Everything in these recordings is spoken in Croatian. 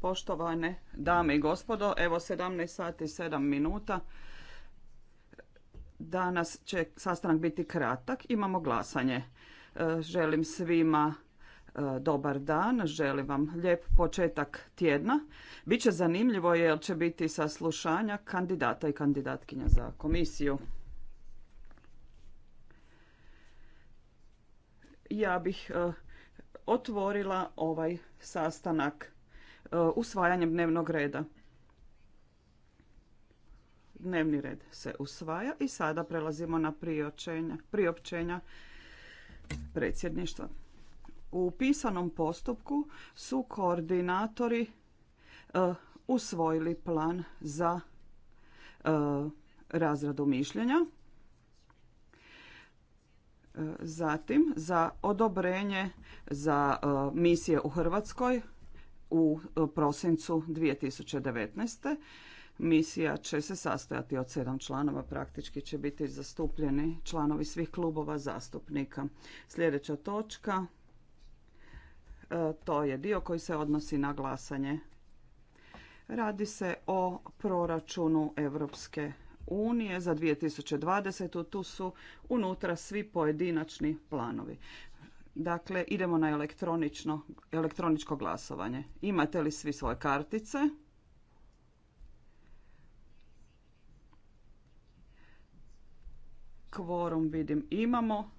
Poštovane dame i gospodo, evo 17 sati i 7 minuta. Danas će sastanak biti kratak, imamo glasanje. E, želim svima e, dobar dan, želim vam lijep početak tjedna. Biće zanimljivo jer će biti saslušanja kandidata i kandidatkinja za komisiju. Ja bih e, otvorila ovaj sastanak e, usvajanjem dnevnog reda. Dnevni red se usvaja i sada prelazimo na priopćenja predsjedništva. U pisanom postupku su koordinatori e, usvojili plan za e, razradu mišljenja Zatim za odobrenje za e, misije u Hrvatskoj u e, prosincu 2019. Misija će se sastojati od sedam članova, praktički će biti zastupljeni članovi svih klubova zastupnika. Sljedeća točka, e, to je dio koji se odnosi na glasanje. Radi se o proračunu Europske unije za 2020. Tu su unutra svi pojedinačni planovi. Dakle, idemo na elektronično, elektroničko glasovanje. Imate li svi svoje kartice? Kvorum vidim imamo.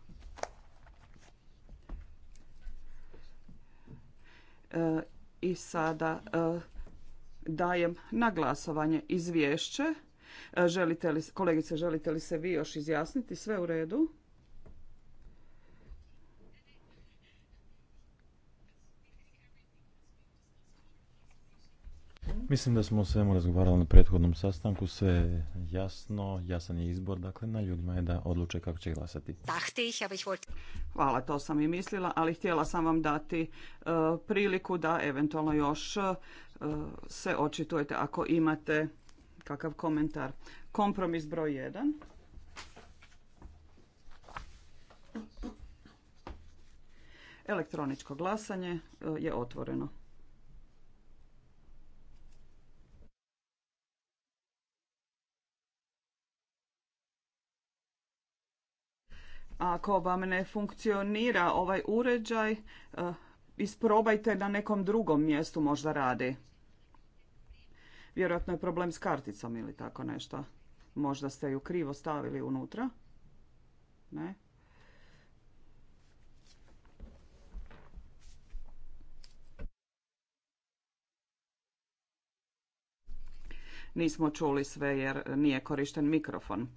E, I sada e, dajem na glasovanje izvješće E, želite li, kolegice, želite li se vi još izjasniti? Sve u redu? Mislim da smo o svemu razgovarali na prethodnom sastanku, sve je jasno, jasan je izbor, dakle na ljudima je da odluče kako će glasati. Hvala, to sam i mislila, ali htjela sam vam dati e, priliku da eventualno još e, se očitujete ako imate kakav komentar. Kompromis broj 1. Elektroničko glasanje e, je otvoreno. Ako vam ne funkcionira ovaj uređaj, e, isprobajte na nekom drugom mjestu možda radi. Vjerojatno je problem s karticom ili tako nešto. Možda ste ju krivo stavili unutra. Ne. Nismo čuli sve jer nije korišten mikrofon.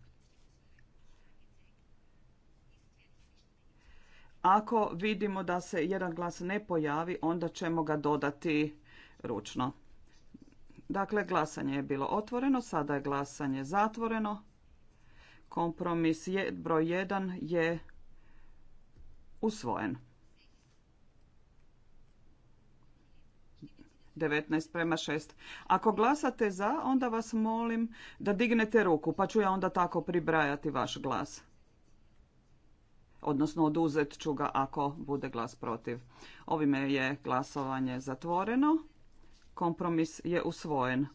Ako vidimo da se jedan glas ne pojavi, onda ćemo ga dodati ručno. Dakle, glasanje je bilo otvoreno, sada je glasanje zatvoreno. Kompromis je, broj 1 je usvojen. 19 prema 6. Ako glasate za, onda vas molim da dignete ruku, pa ću ja onda tako pribrajati vaš glas. Odnosno, oduzet ću ga ako bude glas protiv. Ovime je glasovanje zatvoreno. Kompromis je usvojen.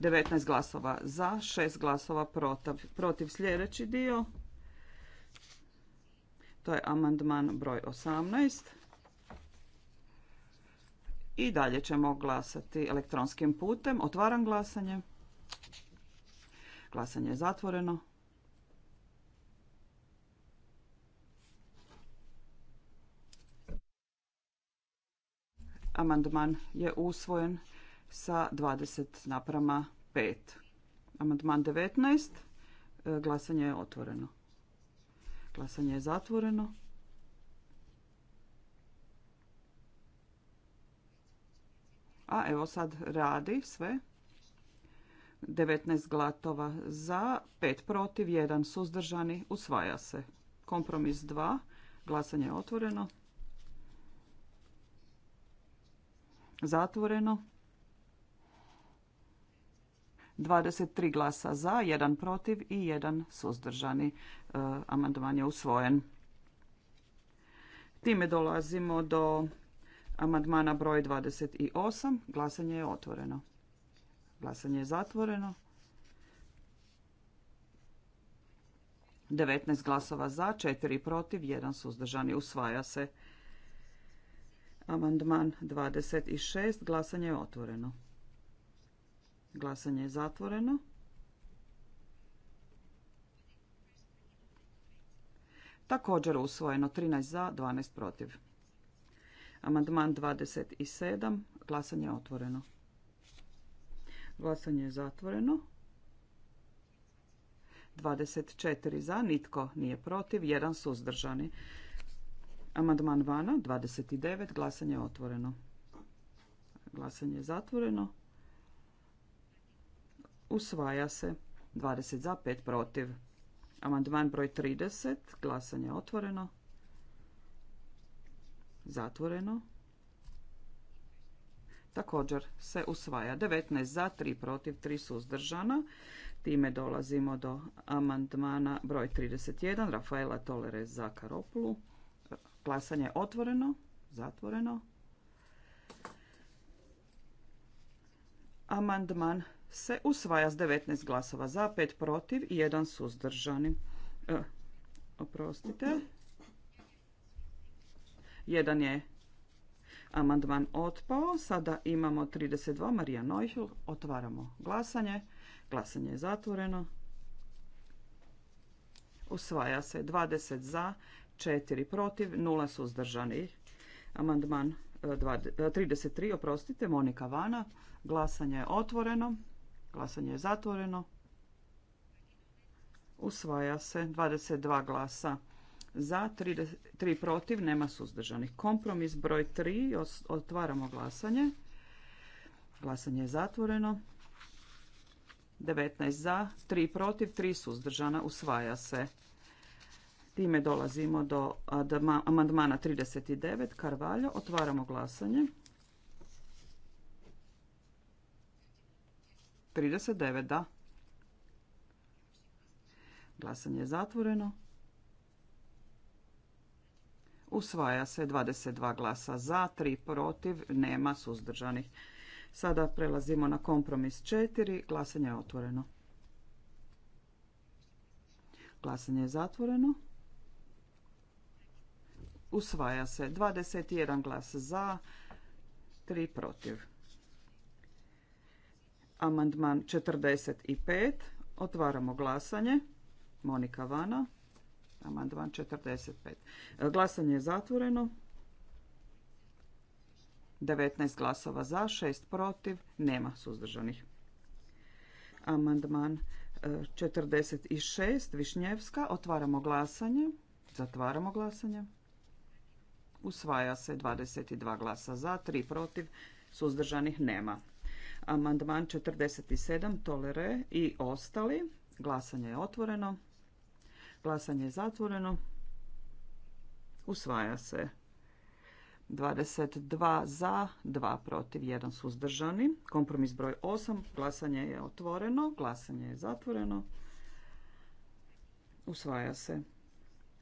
19 glasova za, 6 glasova protiv. Protiv sljedeći dio. To je amandman broj 18. I dalje ćemo glasati elektronskim putem. Otvaram glasanje. Glasanje je zatvoreno. Amandman je usvojen sa 20 naprama 5. Amandman 19. E, glasanje je otvoreno. Glasanje je zatvoreno. A evo sad radi sve. 19 glatova za, 5 protiv, 1 suzdržani, usvaja se. Kompromis 2, glasanje je otvoreno. Zatvoreno. 23 glasa za, 1 protiv i 1 suzdržani. E, amandman je usvojen. Time dolazimo do amandmana broj 28. Glasanje je otvoreno. Glasanje je zatvoreno. 19 glasova za, 4 protiv, 1 suzdržani. Usvaja se. Amandman 26. Glasanje je otvoreno. Glasanje je zatvoreno. Također usvojeno 13 za, 12 protiv. Amandman 27. Glasanje je otvoreno. Glasanje je zatvoreno. 24 za, nitko nije protiv, jedan suzdržani. Amandman vana, 29, glasanje je otvoreno. Glasanje je zatvoreno. Usvaja se 20 za, 5 protiv. Amandman broj 30, glasanje je otvoreno. Zatvoreno. Također se usvaja 19 za, 3 protiv, 3 suzdržana. Time dolazimo do amandmana broj 31, Rafaela Tolere za Karopulu. Glasanje je otvoreno, zatvoreno. Amandman se usvaja s 19 glasova za, 5 protiv i 1 suzdržani. E, oprostite. Jedan je amandman otpao. Sada imamo 32. Marija Nojhl. Otvaramo glasanje. Glasanje je zatvoreno. Usvaja se 20 za, 4 protiv, 0 suzdržanih. Amandman 33, e, e, oprostite, Monika Vana. Glasanje je otvoreno. Glasanje je zatvoreno. Usvaja se 22 glasa za, 3, protiv, nema suzdržanih. Kompromis broj 3, otvaramo glasanje. Glasanje je zatvoreno. 19 za, 3 protiv, 3 suzdržana, usvaja se. Time dolazimo do amandmana 39 Karvalja. Otvaramo glasanje. 39 da. Glasanje je zatvoreno. Usvaja se 22 glasa za, 3 protiv, nema suzdržanih. Sada prelazimo na kompromis 4. Glasanje je otvoreno. Glasanje je zatvoreno. Usvaja se. 21 glas za, 3 protiv. Amandman 45. Otvaramo glasanje. Monika Vana. Amandman 45. Glasanje je zatvoreno. 19 glasova za, 6 protiv, nema suzdržanih. Amandman 46. E, Višnjevska. Otvaramo glasanje. Zatvaramo glasanje. Usvaja se 22 glasa za, 3 protiv, suzdržanih nema. Amandman 47 tolere i ostali. Glasanje je otvoreno. Glasanje je zatvoreno. Usvaja se 22 za, 2 protiv, 1 suzdržani. Kompromis broj 8. Glasanje je otvoreno. Glasanje je zatvoreno. Usvaja se.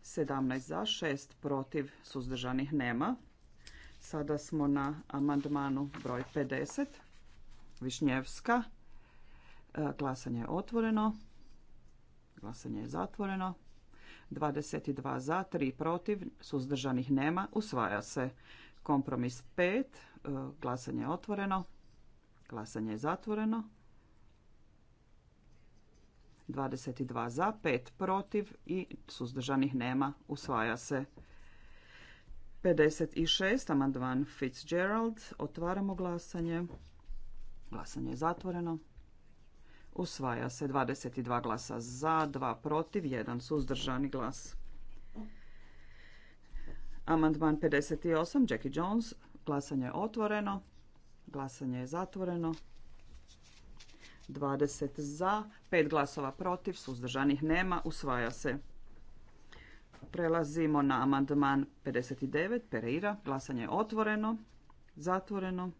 17 za, 6 protiv, suzdržanih nema. Sada smo na amandmanu broj 50. Višnjevska. E, glasanje je otvoreno. Glasanje je zatvoreno. 22 za, 3 protiv, suzdržanih nema. Usvaja se kompromis 5. E, glasanje je otvoreno. Glasanje je zatvoreno. 22 za, 5 protiv i suzdržanih nema. Usvaja se. 56. Amandman Fitzgerald. Otvaramo glasanje. Glasanje je zatvoreno. Usvaja se 22 glasa za, 2 protiv, 1 suzdržani glas. Amandman 58. Jackie Jones. Glasanje je otvoreno. Glasanje je zatvoreno. 20 za, 5 glasova protiv, suzdržanih nema, usvaja se. Prelazimo na amandman 59, Pereira. Glasanje je otvoreno, zatvoreno,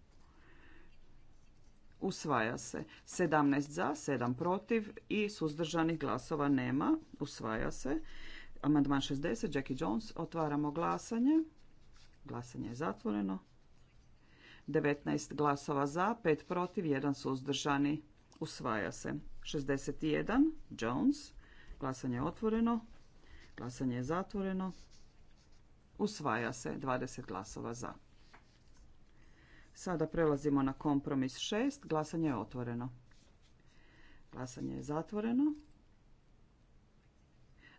usvaja se. 17 za, 7 protiv i suzdržanih glasova nema, usvaja se. Amandman 60, Jackie Jones. Otvaramo glasanje. Glasanje je zatvoreno. 19 glasova za, 5 protiv, 1 suzdržani. Usvaja se. 61. Jones. Glasanje je otvoreno. Glasanje je zatvoreno. Usvaja se. 20 glasova za. Sada prelazimo na kompromis 6. Glasanje je otvoreno. Glasanje je zatvoreno.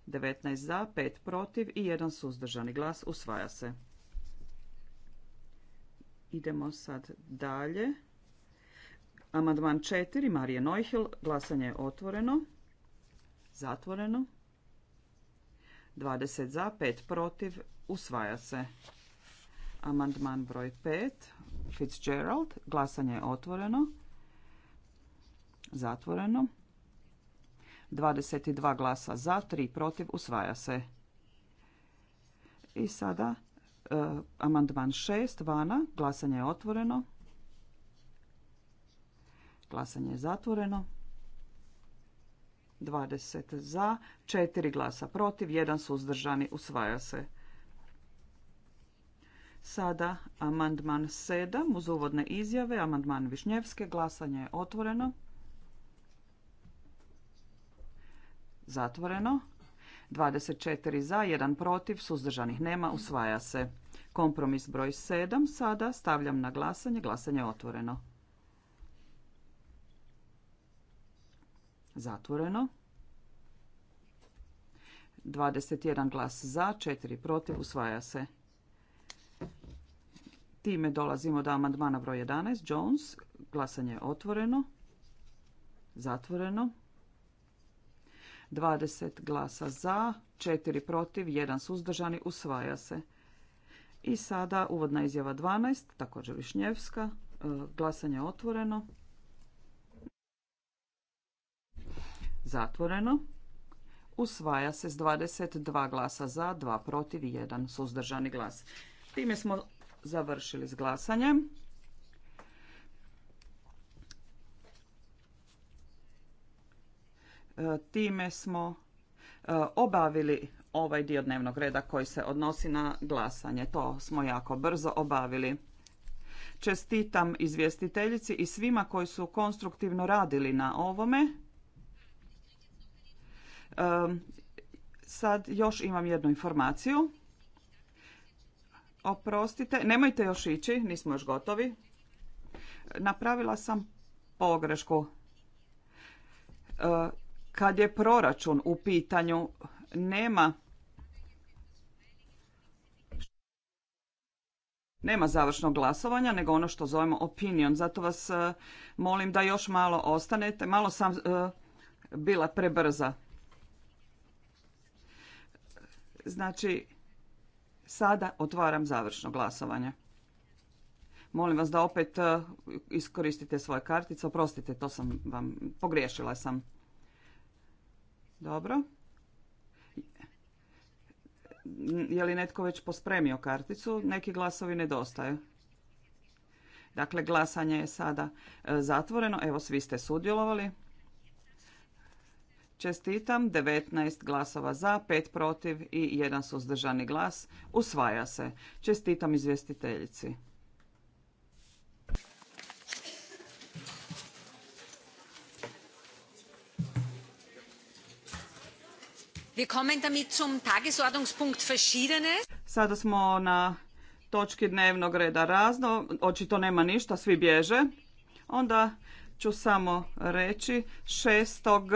19 za, 5 protiv i 1 suzdržani glas. Usvaja se. Idemo sad dalje. Amandman 4, Marije Nojhil, glasanje je otvoreno, zatvoreno. 20 za, 5 protiv, usvaja se. Amandman broj 5, Fitzgerald, glasanje je otvoreno, zatvoreno. 22 glasa za, 3 protiv, usvaja se. I sada eh, amandman 6, Vana, glasanje je otvoreno, Glasanje je zatvoreno. 20 za, 4 glasa protiv, 1 suzdržani. Usvaja se. Sada amandman 7 uz uvodne izjave. Amandman Višnjevske. Glasanje je otvoreno. Zatvoreno. 24 za, 1 protiv, suzdržanih nema, usvaja se. Kompromis broj 7 sada stavljam na glasanje. Glasanje je otvoreno. Zatvoreno. 21 glas za, 4 protiv, usvaja se. Time dolazimo do amandmana broj 11. Jones, glasanje je otvoreno. Zatvoreno. 20 glasa za, 4 protiv, 1 suzdržani, usvaja se. I sada uvodna izjava 12, također Višnjevska, e, glasanje je otvoreno. Zatvoreno. Usvaja se s 22 glasa za, 2 protiv i 1 suzdržani glas. Time smo završili s glasanjem. E, time smo e, obavili ovaj dio dnevnog reda koji se odnosi na glasanje. To smo jako brzo obavili. Čestitam izvjestiteljici i svima koji su konstruktivno radili na ovome. Sad još imam jednu informaciju. Oprostite, nemojte još ići, nismo još gotovi. Napravila sam pogrešku. Kad je proračun u pitanju, nema Nema završnog glasovanja, nego ono što zovemo opinion. Zato vas molim da još malo ostanete. Malo sam bila prebrza. Znači, sada otvaram završno glasovanje. Molim vas da opet e, iskoristite svoje kartice. Oprostite, to sam vam, pogriješila sam. Dobro. Je li netko već pospremio karticu? Neki glasovi nedostaju. Dakle, glasanje je sada e, zatvoreno. Evo, svi ste sudjelovali. Čestitam, 19 glasova za, 5 protiv i 1 suzdržani glas. Usvaja se. Čestitam izvjestiteljici. Sada smo na točki dnevnog reda razno. Očito nema ništa, svi bježe. Onda ću samo reći šestog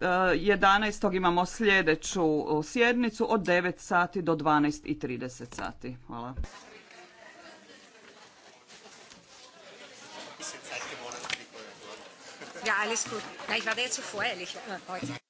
11. imamo sljedeću sjednicu od 9 sati do 12 i 30 sati. Hvala. Ja, alles gut. Na, ich war jetzt zu voreilig heute.